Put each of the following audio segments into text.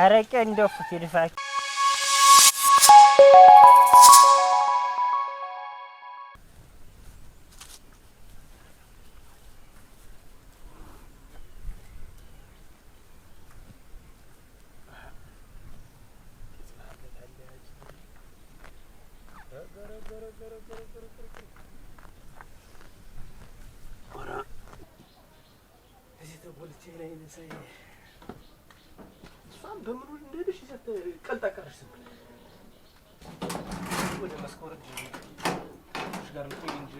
አረቄ እንደው ፉት እሷም በምኑ እንደሄደሽ ቀልጣ ቀረሽ። ዝም ብለሽ ወደ መስኮረድ ጋር ልትሆኝ እንጂ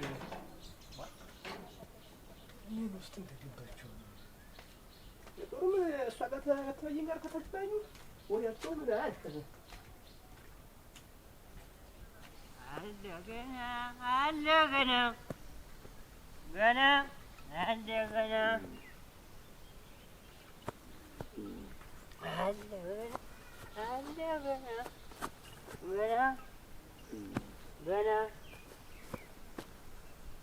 ምን ውስጥ እንደገባቸው የጦሩም እሷ ጋር ከተለያየን ጋር ከተለያዩ ወዲያቸው ምን አያድቅም። አለ ገና አለ ገና ገና አለ ገና በና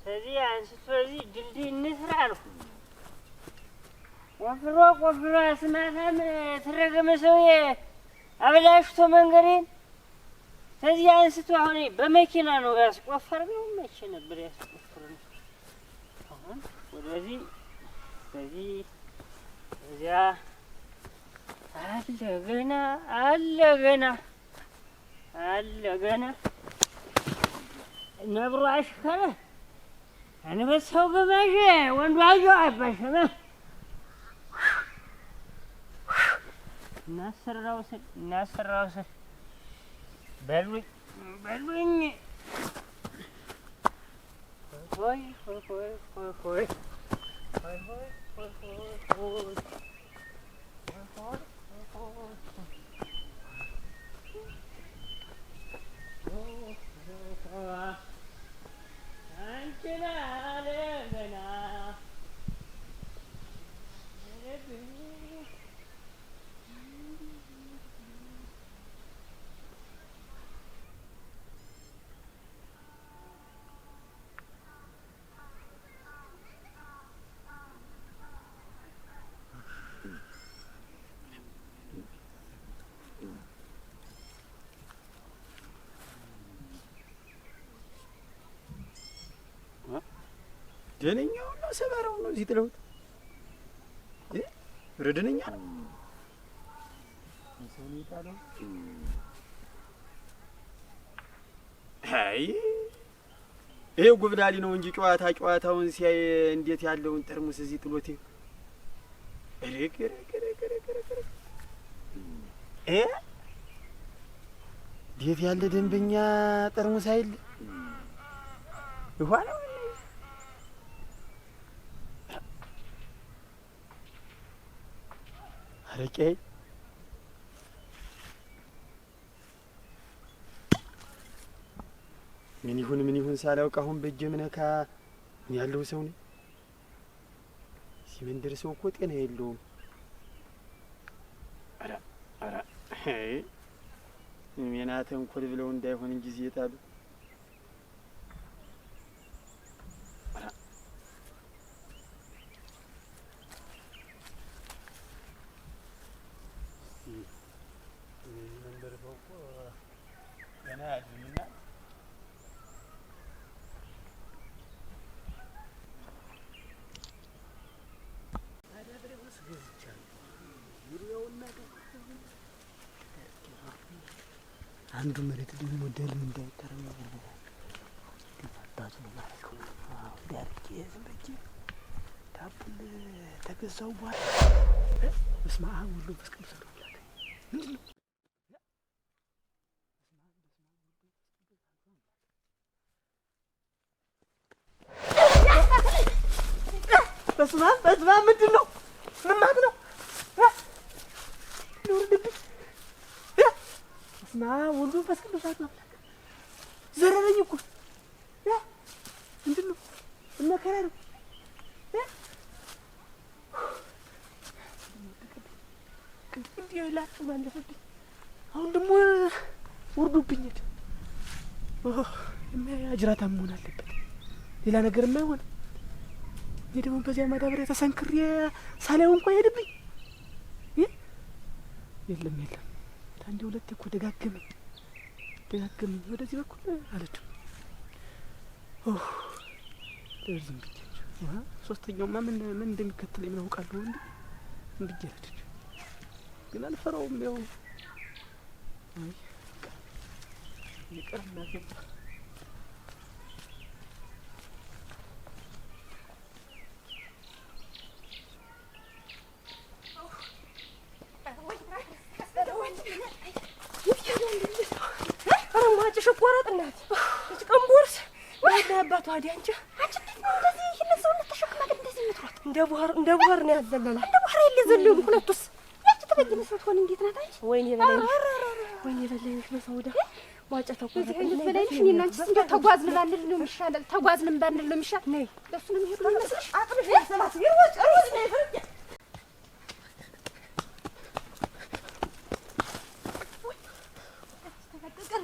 ከዚህ አንስቶ እዚህ ድልድይ እንስራ ነው። ቆፍሮ ቆፍሮ አስማታም የተረገመ ሰውዬ አበላሽቶ መንገዴን ከዚህ አንስቶ አሁን በመኪና ነው ያስቆፈርነው። መቼ ነበር ያስቆፈርነው? አሁን ወደዚህ እዚያ አለ ገና አለ ገና አለ ገና ነብሮ አሽከረ አንበሳው በማሽ ወንዱ አጆ አባሸመ እናሰራው ስል እናሰራው ስል በሉኝ በሉኝ ሆይ ሆይ ሆይ ሆይ ሆይ ሆይ ሆይ ሆይ ሆይ ሆይ 今日は関係ないあれだな ደነኛው ነው ሰባራው ነው እዚህ ጥለውት ረድነኛ ነው አይ ይሄ ጉብዳሊ ነው እንጂ ጨዋታ ጨዋታውን ሲያይ እንዴት ያለውን ጠርሙስ እዚህ ጥሎት እ እንዴት ያለ ደንበኛ ጠርሙስ አይል ይኋ አረቄ ምን ይሁን ምን ይሁን ሳላውቅ አሁን በእጄ ምነካ ምን ያለው ሰው ነኝ። ሲመንደር ሰው እኮ ጤና የለውም። ኧረ ኧረ ሜና ተንኮል ብለው እንዳይሆን ጊዜ የጣሉ አንዱ መሬት ደግሞ ወደ እንዳይቀርም አባቱ ነው። ዳቡን ተገዛው በኋላ በስመ አብ ወወልድ ወመንፈስ ቅዱስ በስመ አብ በስመ አብ ምንድን ነው? እንዲያው ይላቅ አሁን ደግሞ ወርዶብኛል። አጅራታ መሆን አለበት፣ ሌላ ነገር የማይሆን እኔ ደግሞ በዚያ ማዳበሪያ ተሰንክሬ ሳላየው እንኳ ሄድብኝ የለም የለም፣ አንድ ሁለት እኮ ደጋገመኝ ደጋገመኝ። ወደዚህ በኩል አለችው ደርዝም ብዬ ሶስተኛውማ ምን ምን እንደሚከተል የምን አውቃለሁ። እንዲ እንዲጀረድ ግን አልፈራውም። ያው ይቅር እናገባ አረማጭ ሽቆረጥ እናት ጭቀን ቦርስ ወደ አባቷ ዲያንቻ እንደ ቡሃር እንደ ቡሃር ነው ያዘለላ እንደ ቡሃር ያለ ዘለሉ ሁለቱስ ያቺ ተበጅነ ስትሆን እንዴት ናት አንቺ? ወይኔ በላይ ወይኔ ዋጫ በሰውዳ ዋጨ ተቆረጠ በላይሽ እኔና አንቺ እንደ ተጓዝን ባንል ነው የሚሻለው። ተጓዝንም ባንል ነው የሚሻል ነይ ለሱ ነው የሚሄዱ መስልሽ አቅምሽ ሰማት ይሮጭ ሩዝ ነው ይፈርቅ ወይ ተጋደቀ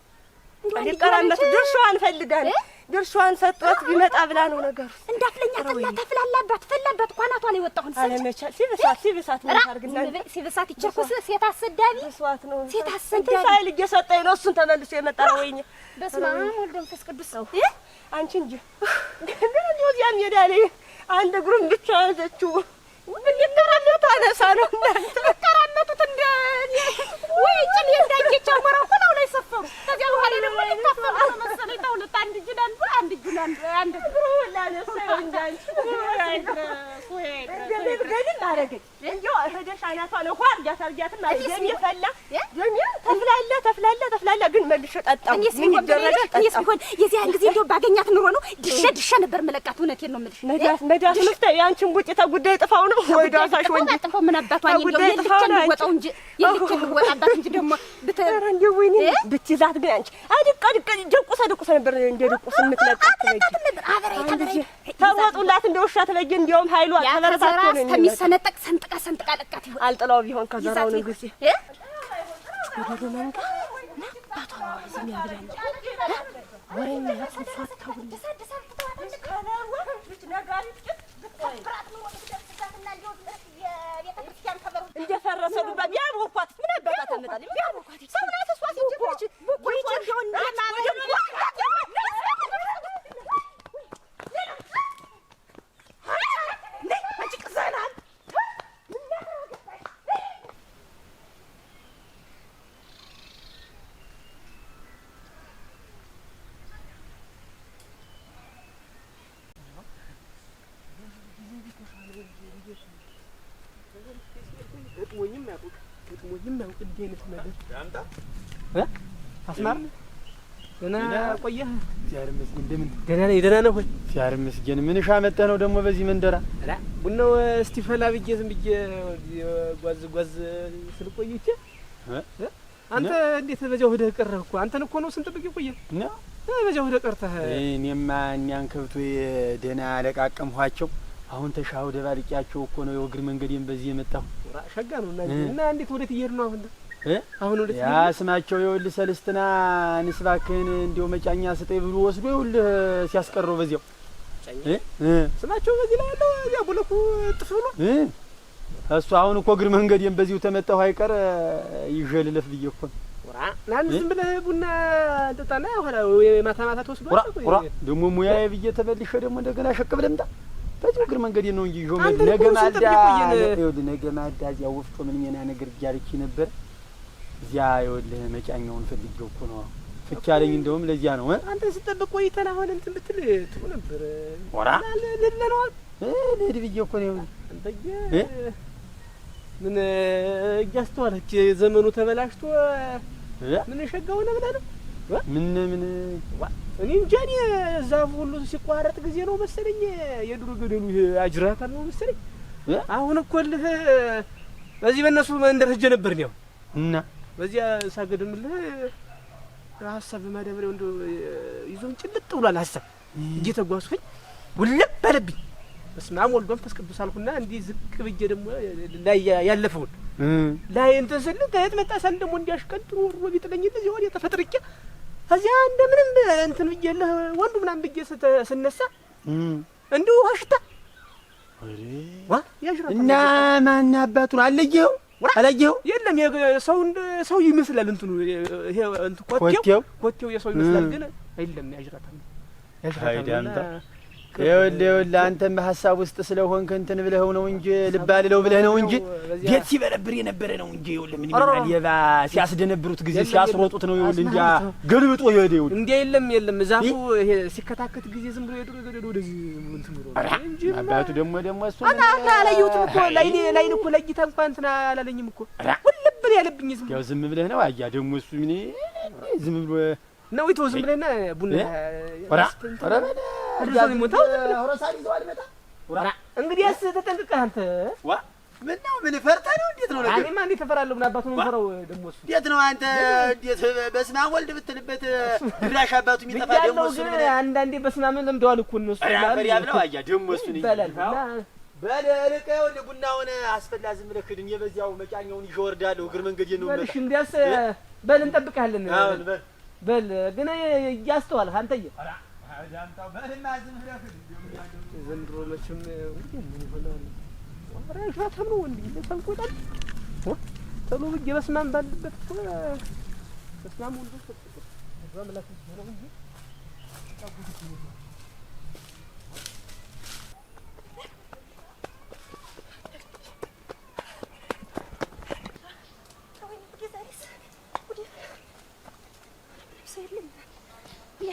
ሊቀራነት ድርሻዋን ፈልጋል ድርሻዋን ሰጥቷት ቢመጣ ብላ ነው ነገሩ። እንዳፍለኛ ተላ ተፍላላባት ፈላባት ኳናቷ ላይ ወጣሁን አለመቻል ሲብሳት ሲብሳት ምን ሲብሳት ይቸርኩስ ሴት አሰዳቢ ስዋት ነው ሴት አሰዳቢ ሳይል እየሰጠኝ ነው እሱን ተመልሶ የመጣ ነው ወይኛ በስመ አብ ወልድ መንፈስ ቅዱስ ነው። አንቺ እንጂ ግን እንደው እዚያ ሜዳ ላይ አንድ እግሩን ብቻ ያዘችው። ሊቀራለታነሳ ነው ሊቀራለቱት እንደ ወይ ጭል የዳጌቻ ወራ ሁላው ላይ ሰፈሩ። ከዚያ በኋላ ደግሞ ሊታፈሩ መሰለኝ ተውለት አንድ እጁን አንዱ አንድ እጁን አንዱ አንድ ደም ገድል አደረገች። እንደው ሄደሽ አይናቷ ለኳ እርጃት አርጃትም ደም ይፈላ ደም ግን መልሾ መልሼ እኔስ ምን ይደረጋል? እኔስ ቢሆን የዚያን ጊዜ እንደው ባገኛት ኑሮ ነው ድሸ ድሸ ነበር መለቃት። እውነቴን ነው የምልሽ። መዳስ መዳስ ምፍታ ያንቺን ቡጭ ተጉዳይ ጥፋው ነው ወይ ዳሳሽ ወንጂ ጥፋው ምን አባቷ አይደለም ነው ወጣው እንጂ ነው ወጣባት እንጂ ደግሞ ብተረንዲ ወይኔ ብትይዛት ግን አንቺ አድቅ አድቅ ደቁሰ ደቁሰ ነበር እንደ ደቁስ የምትለቃት ነበር። አበራይ ተበራይ ተወጡላት እንደ ውሻ ተለየ። እንዲያውም ኃይሏ ተበረታቶ ነው የሚሰነጠቅ ሰንጥቃ ሰንጥቃ ለቃት ይሆን አልጥላው ቢሆን ከዘራው ንጉሴ ወደ መንጋ አባቷ ዝም ያብላኝ ወሬኛ እንደፈረሰ ዱባ ቢያቦኳት ምን አባቷ ታመጣለች? ቢያቦኳት አስማር ገና ቆየህ? እግዚአብሔር ይመስገን። እንደምን ደህና ነህ? ደህና ነህ ወይ? እግዚአብሔር ይመስገን። ምን ነው ደግሞ በዚህ መንደራ? ቡናው እስቲ ፈላ ብዬ ዝም ብዬ ጓዝ ጓዝ አንተ እንዴት በዚያው ሂደህ ቀረህ እኮ። አንተን እኮ ነው ስንጥብቅ በዚያው ቀርተህ እኔማ እኛን ከብቶ ደህና አለቃቀምኋቸው። አሁን ተሻው ደባልቂያቸው እኮ ነው የእግር መንገዴን በዚህ የመጣሁ። ሸጋ ነው እና እንዴት ወዴት ነው አሁን? አሁን ወደ ያ ስማቸው ይኸውልህ ሰልስትና ንስባክህን እንዲው መጫኛ ስጠኝ ብሎ ወስዶ ይኸውልህ ሲያስቀረው በዚያው ስማቸው በዚህ ላይ ያለው ያ ቦለኩ ጥፍ ብሎ እሱ አሁን እኮ እግር የም በዚሁ ተመጣሁ አይቀር ይዤልለፍ ብዬ እኮ ነው። ናን ዝም ብለህ ቡና እንጠጣና ኋላ ማታ ማታ ተወስዶ ቁራ ደግሞ ሙያዬ ብዬ ተመልሼ ደግሞ እንደገና ሸቅ ብለህ ምጣ። በዚሁ እግር መንገዴ ነው እንጂ ይዤው ነገ ማዳ ነገ ማዳ እዚያ ወፍጮ ምን ሜና ነገር እያልኩኝ ነበር እዚያ ይኸውልህ መጫኛውን ፈልጌው እኮ ነው ፍቻ አለኝ። እንደውም ለዚያ ነው አንተ ስጠብቅ ቆይተን አሁን እንትን ብትል ጥሩ ነበር። ወራ ልለነዋል ልሂድ ብዬ እኮ ነው አንተየ ምን እያስተዋለች ዘመኑ ተበላሽቶ ምን ሸጋው ነው ብለህ ነው ምን ምን እኔ እንጃ እኔ ዛፉ ሁሉ ሲቋረጥ ጊዜ ነው መሰለኝ የድሮ ገደሉ አጅራታ ነው መሰለኝ። አሁን እኮ ልህ በዚህ በእነሱ መንደር ሂጅ ነበር ነው እና በዚያ ሳገድምልህ ሀሳብ ማዳበሪያው እንደ ይዞን ጭልጥ ብሏል። ሀሳብ እየተጓዝኩኝ ውልብ አለብኝ። በስመ አብ ወልድ ወመንፈስ ቅዱስ አልኩና እንዲህ ዝቅ ብዬ ደግሞ ላይ ያለፈውን ላይ እንትን ስል ከየት መጣ ሳል ደግሞ እንዲያሽቀንጥሩ ወሮ ቢጥለኝ እንደዚህ ወዲያ ተፈጥርቄ ከዚያ እንደምንም እንትን ብዬለህ ወንዱ ምናም ብዬ ስነሳ እንዲሁ ዋሽታ እና ማን አባቱን አለየው አላየኸው? የለም ሰው ሰው ይመስላል እንትኑ ይሄ እንት ኮቴው ኮቴው የሰው ይመስላል፣ ግን አይደለም ያጅራታል ያጅራታል ይኸውልህ ይኸውልህ አንተም በሀሳብ ውስጥ ስለሆንክ እንትን ብለኸው ነው እንጂ ልባ ልለው ብለህ ነው እንጂ ቤት ሲበረብር የነበረ ነው እንጂ። ይኸውልህ ምን ይሆናል የባ ሲያስደነብሩት ጊዜ ሲያስሮጡት ነው። ይኸውልህ እንጂ ገልብጦ ይሄድ። ይኸውልህ እንዲያ የለም የለም ዛፉ ሲከታከት ጊዜ ዝም ብሎ ሄዱ ነገር ወደዚህ እንትን ብሎ እንጂ አባቱ ደግሞ ደግሞ እሱ አታታ አላየሁትም እኮ ላይኔ ላይኔ እኮ ለይታ እንኳን እንትን አላለኝም እኮ ሁልብን ያለብኝ ዝም ያው ዝም ብለህ ነው አያ ደግሞ እሱ ምን ዝም ብሎ ነው ይተው ዝም ብለህና ቡና ኧረ ኧረ እንግዲህስ ተጠንቅቀህ አንተ ዋ ምን ነው ምን ፈርተህ ነው? እንዴት ነው ነገር? እኔማ እንዴት እፈራለሁ? ምን አባቱ ነው የምፈራው? ደግሞ እሱ እንዴት ነው አንተ? እንዴት በስመ አብ ወልድ ብትልበት ድራሽ አባቱ የሚጠፋ ደግሞ እሱ ግን አንዳንዴ በስመ አብ ለምደዋል እኮ እነሱ በሪያብ ነው አያ ደግሞ እሱ ነኝ በላል በል ልቀ ወደ ቡናውን አስፈላ ዝም ብለህ ክድን የበዚያው መጫኛውን ይዤ ወርዳለሁ። እግር መንገድ ነው በልሽ። እንዲያስ በል እንጠብቅሃለን። በል ግን እያስተዋልህ አንተዬ ዘንድሮ መቼም ምን ይሆናል? ረዣተም ነው ተንቆጣል ተሎ ብዬ በስማም ባለበት እኮ በስማም ወንዶ ሰጥቶ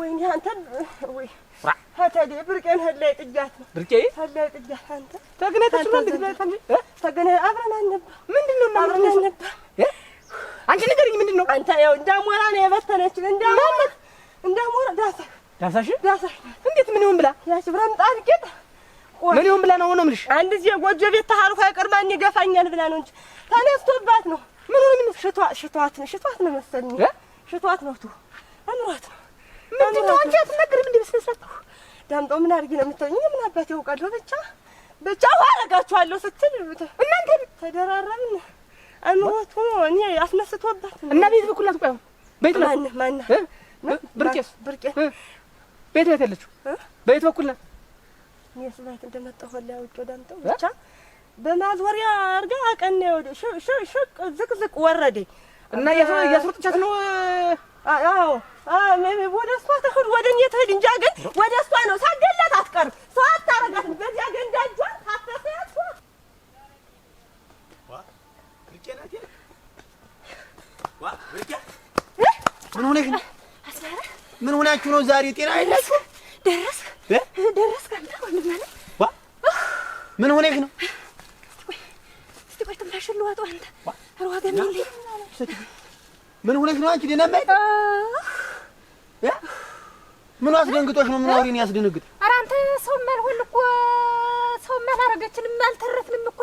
ወይኔ አንተ ወይ ሀተዴ ብርቄን ሀላይ ጥጃት ነው ብርቄ ሀላይ ጥጃት አንተ ተገናኝ ተችሏል ግዜ ተገናኝ አብረን አልነበር ምንድን ነው አብረን አልነበር አንቺ ንገሪኝ ምንድን ነው አንተ ያው እንዳሞራ ነው የበተነችን እንዳሞራ እንዳሞራ ዳሳ ዳሳሽ ዳሳሽ እንዴት ምን ይሁን ብላ ያቺ ብራም ጣል ምን ይሁን ብላ ነው ነው የምልሽ አንድ ጊዜ ጎጆ ቤት ተሐርፎ አይቀር ማን ይገፋኛል ብላ ነው እንጂ ተነስቶባት ነው ምን ምን ሽቷት ሽቷት ነው መሰለኝ ሽቷት ነው ቱ አምሯት ነው ምንድን ነው አንቺ አትናገሪም? እንደ በስመ አብ ዳምጠው ምን አድርጌ ነው የምትሆኝ? ምን አባት ያውቃለሁ። ብቻ ብቻ አረጋችኋለሁ ስትል እናንተ ተደራረብን። አምሮቱ እኔ አስነስቶባት እና ቤት በኩል አትቆይ። ቤት ነው ማን ማን ብርቄስ ብርቄ ቤት ናት ያለችው። ቤት በኩል እኔ ስባት እንደመጣሁ ሁላ ውጭ ዳምጠው ብቻ በማዞሪያ አድርጋ አቀና። ይኸውልሽ ሽቅ ዝቅ ዝቅ ወረደ እና እያስሮጥቻት ነው አዎ ወደ እሷ ወደ እኔ ትሂድ እንጂ ግን ወደ እሷ ነው ሳትገላት አትቀርም። ሰው አታረጋትም። በዚያ ገንዳ እጇን ታፈሰያት ምን ሆነሽ ነው? ምን ሆናችሁ ነው ዛሬ? ጤና አይላችሁ? ደረስ ደረስ ምን ሆነሽ ነው? እስቲ ቆይ ትንፋሽን አንተ ሩዋ ምን ሁነሽ ነው አንቺ? ደህና ማይት ያ ምን አስደንግጦሽ ነው? ምን አውሪን ያስደንግጥ? ኧረ አንተ ሰው ማልሆን እኮ ሰው ማላረገችንም አልተረፍንም እኮ።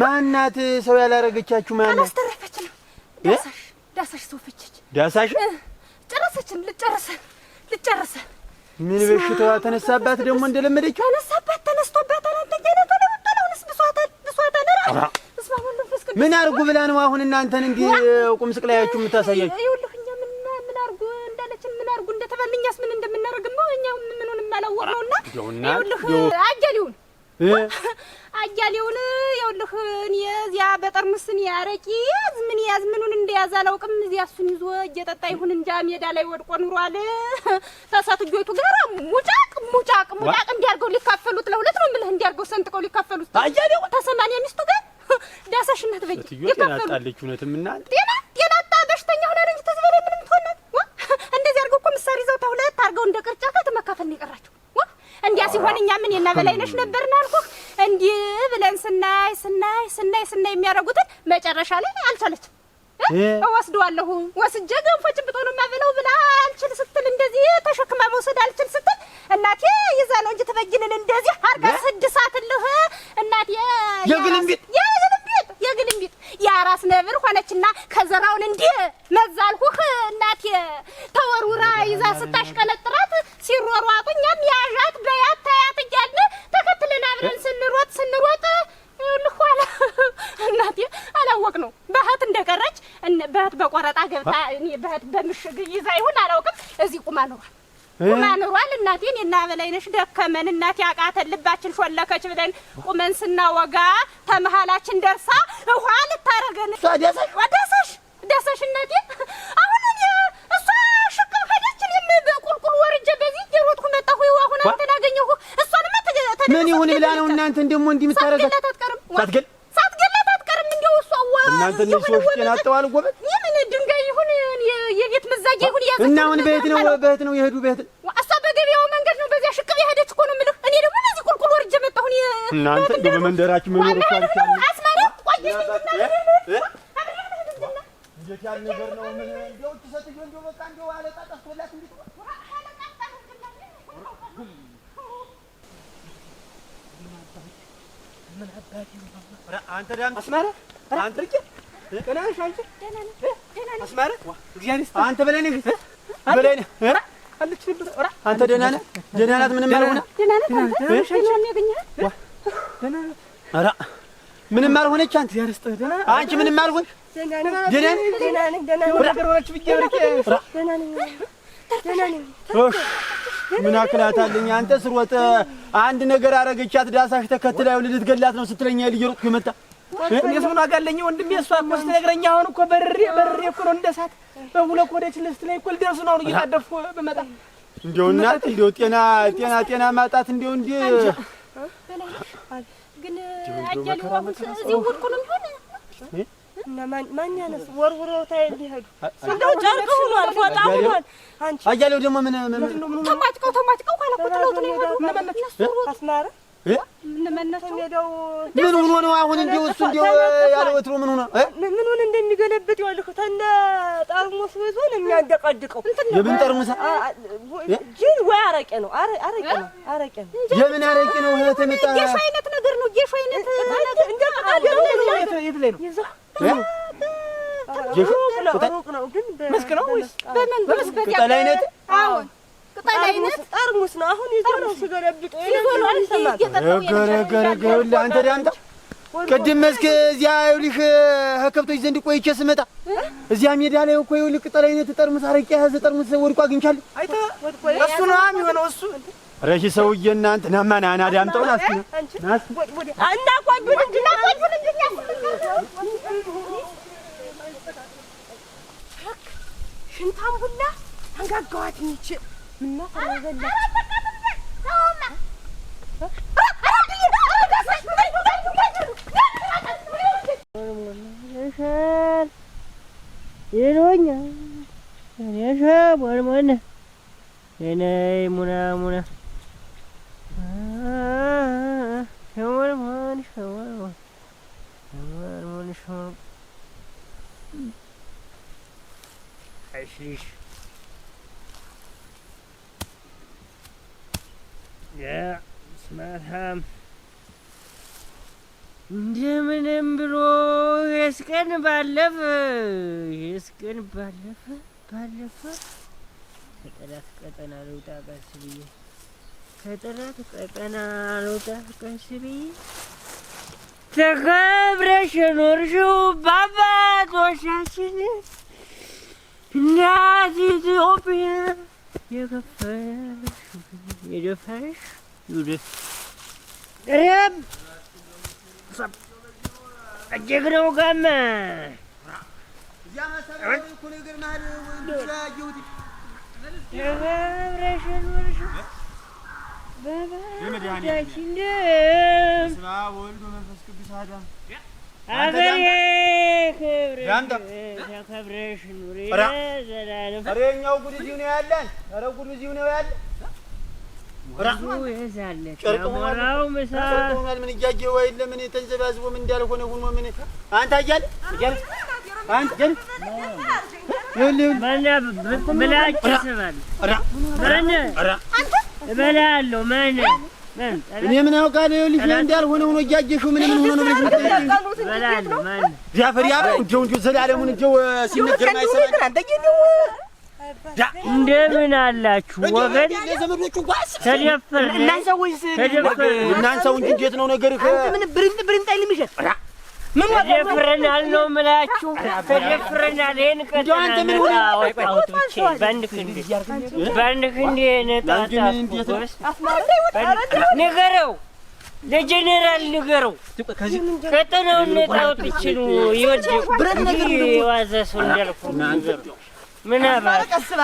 ማናት ሰው ያላረገቻችሁ? ማናት አላስተረፈችንም? ዳሳሽ ዳሳሽ ሰው ፈቸች። ዳሳሽ ጨረሰችን። ልጨርሰን ልጨርሰን። ምን በሽታዋ ተነሳባት ደግሞ እንደለመደችው? ተነሳባት ተነስቶባት አላንተ ገና ተለውጥ ብሷታል ብሷታል። ብሷታ ነራ ምን አርጉ ብላ ነው አሁን እናንተን እንዲህ ቁም ስቅላያችሁ የምታሳያችሁ? ይኸውልህ እኛ ምን ምን አርጉ እንዳለችን ምን አርጉ እንደተባልን እኛስ ምን እንደምናደርግማ እኛ ምኑንም አላወቅነውና ይኸውልህ አያሌውን አያሌውን ይኸውልህ እኔ እዚያ በጠርሙስ እኔ አረቂ ያዝ ምን ያዝ ምኑን እንደያዝ አላውቅም። እዚያ እሱን ይዞ እየጠጣ ይሁን እንጃ ሜዳ ላይ ወድቆ ኑሯል። ተሳትጆቱ ጋራ ሙጫቅ ሙጫቅ ሙጫቅ እንዲያርገው ሊካፈሉት ለሁለት ነው የምልህ እንዲያርገው ሰንጥቀው ሊካፈሉት አያሌው ተሰማንያ ሚስቱ ጋር ዳሳሽ እናት በይ ጤና አጣለች። እውነትም እናት ጤና ጤና አጣ በሽተኛ ሆና እንጂ ተዚህ በላይ ምንም እንደዚህ አድርገው እኮ ምሳሌ ይዘው ታሁለት አድርገው እንደ ቅርጫ ከተመካፈል ነው የቀራቸው። እንዲያ ሲሆን እኛ ምን የና በላይነሽ ነበርና አልኩህ። እንዲህ ብለን ስናይ ስናይ ስናይ ስናይ የሚያደርጉትን መጨረሻ ላይ አልቻለችም። እወስደዋለሁ ወስጄ ገንፎ ጭብጦ ነው የማበላው ብላ አልችል ስትል እንደዚህ ተሸክማ መውሰድ አልችል ስትል እናቴ ይዛ ነው እንጂ ትበይንን እንደዚህ አርጋ ስድሳትልህ እናቴ የግልምቢት የግልምቢጥ የአራስ ነብር ሆነችና ከዘራውን እንዲህ መዛልሁህ እናቴ ተወርውራ ይዛ ስታሽቀነጥራት ሲሯሯጡ እኛም ያዣት በያት ታያት እያለ ተከትለን አብረን ስንሮጥ ስንሮጥ ልኋላ እናቴ አላወቅ ነው በህት እንደቀረች በህት በቆረጣ ገብታ በህት በምሽግ ይዛ ይሁን አላውቅም። እዚህ ቁማ ኖሯል። ቁማ ኑሯል እናቴ። እኔና በላይነሽ ደከመን እናቴ፣ አቃተን፣ ልባችን ሾለከች ብለን ቁመን ስናወጋ ተመሃላችን ደርሳ ውሃ ልታረገን ደሰሽ ደሰሽ እናቴ። አሁን እኔ እሷ ሽቅብ ሄደች፣ እኔም በቁልቁል ወርጄ በዚህ እየሮጥኩ መጣሁ። ይኸው አሁን አንተን አገኘሁ። እሷንማ ምን ይሁን ብላ ነው እናንተ ደግሞ እንዲህ የምታረጋት? ሳትገላት አትቀርም። ሳትገላት አትቀርም። እንደው እሷ እናንተ ንሶች ጤና አጠዋል ጎበዝ እና አሁን በየት ነው በየት ነው የሄዱ? በየት እሷ በገበያው መንገድ ነው በዚያ ሽቅብ የሄደች እኮ ነው የምልህ። እኔ ደግሞ እነዚህ ቁልቁል ወርጄ መጣሁ። እናንተ እንደው በመንደራችሁ መኖር እኮ አልቻለም። አስማራ ቆይ እንዴት ያለ ነገር ነው? ምን እንደው ትሰጥሽ እንደው በቃ እንደው አለቃ ጠፍቶላት እንዴት አንተ አንተ አንተ አንተ ደህና ነህ? ደህና ናት? ምንም አልሆነ? ምንም አልሆነች። አንተ አንቺ ምንም አልሆን ምን አክላታለኝ? አንተ ስሮጥ አንድ ነገር አረገቻት። ዳሳሽ ተከትላ ይኸውልህ ልትገላት ነው ስትለኛ ልጅ ሮጥኩ የመጣ እኔስ ምን ዋጋ አለኝ ወንድሜ። እሷ እኮ ስትነግረኝ አሁን እኮ በርሬ በርሬ እኮ ነው እንደሳት በሁለት ወደ ችልስት ላይ እኩል ደርሱ ነው እየታደፍኩ ብመጣ እንዲያው እናት እንዲያው ጤና ጤና ጤና ማጣት እንዲያው እንዲ ግን አያሌው አሁን እዚህ ነው የሚሆን ወርውረው ታይ እንዲሄዱ እንደው ጨርቅ ሆኗል፣ ፎጣ ሆኗል። አንቺ አያሌው ደግሞ ምን ምን ተማጭቀው ተማጭቀው ኋላ ነው የሄዱ አስማረ ምን ሆኖ ነው አሁን? እንዲሁ እሱ እንዲሁ ያለ ወትሮ ምን ሆኖ እንደሚገለብጥ ይኸውልህ ጠርሙስ ይዞ ነው የሚያንደቀድቀው። የምን ጠርሙስ? ጅን ወይ አረቄ ነው? አረቄ ነው፣ አረቄ ነው። የምን አረቄ ነው? ጌሾ አይነት ነገር ነው። ጌሾ አይነት የት ላይ ነው? ሩቅ ነው ግን መስክ ነው ወይስ በመስክ ቅጠል አይነት? አዎን ቅጠል አይነት ጠርሙስ ነው። አሁን ይዞ ነው ሲገለብጠው። ይዞ ነው አንተ ዳምጠው ቅድም መስክ እዚያ ይኸውልሽ ከከብቶች ዘንድ ቆይቼ ስመጣ እዚያ ሜዳ ላይ እኮ ይኸውልህ ቅጠል አይነት ጠርሙስ አረቄ የያዘ ጠርሙስ ወድቆ አግኝቻለሁ። አይተህ እሱ ነው የሚሆነው እሱ ረሺ ሰውዬ እናንተ ናማ ና ና ዳምጠው ናስ ናስ እና ቆይ እንጂ ቆይ እንጂ ሽንታም ሁላ አንጋጋዋት ይችል እንደምንም ብሎ የስቀን ባለፈ የስቀን ባለፈ ባለፈ ከጠላት ቀጠና ልውጣ ቀስ ብዬ ከጠላት ቀጠና ልውጣ ቀስ ብዬ ተከብረሽ የኖርሽው በአባቶቻችን እናት ኢትዮጵያ የከፈለሽ የደፈረሽ ይውደሽ። እጀግነው ጋማ ያለን ኧረ ጉድ እዚሁ ነው ያለን ምን እያየ ወይ ለምን ተንዘባዝቦ ምን እንዳልሆነ ሁኖ ምን አንተ አያለ እኔ ምን ያውቃል? ይኸውልሽ እንዳልሆነ ሆኖ እያየሽው ምን ምን ሆኖ ነው ብለሽ እበላለሁ ማን እንደው እንደው ዘላለሙን እንደው ሲነገር ማይሰማ እንደምን አላችሁ ወገን? ተደፈርን እናንሰው እንጂ እንዴት ነው ነገር? ምን ብርንጥ ብርንጥ አይልምሽ? ተደፍረናል ነው የምላችሁ። ተደፍረናል። ይሄን ቀጥታ በአንድ ክንዴ በአንድ ክንዴ ንገረው ለጀኔራል ንገረው። ቀጠናውን ነጣ አውጥቼ ነው የወደቁ የዋዘ ሰው እንዳልኩ ምን አባ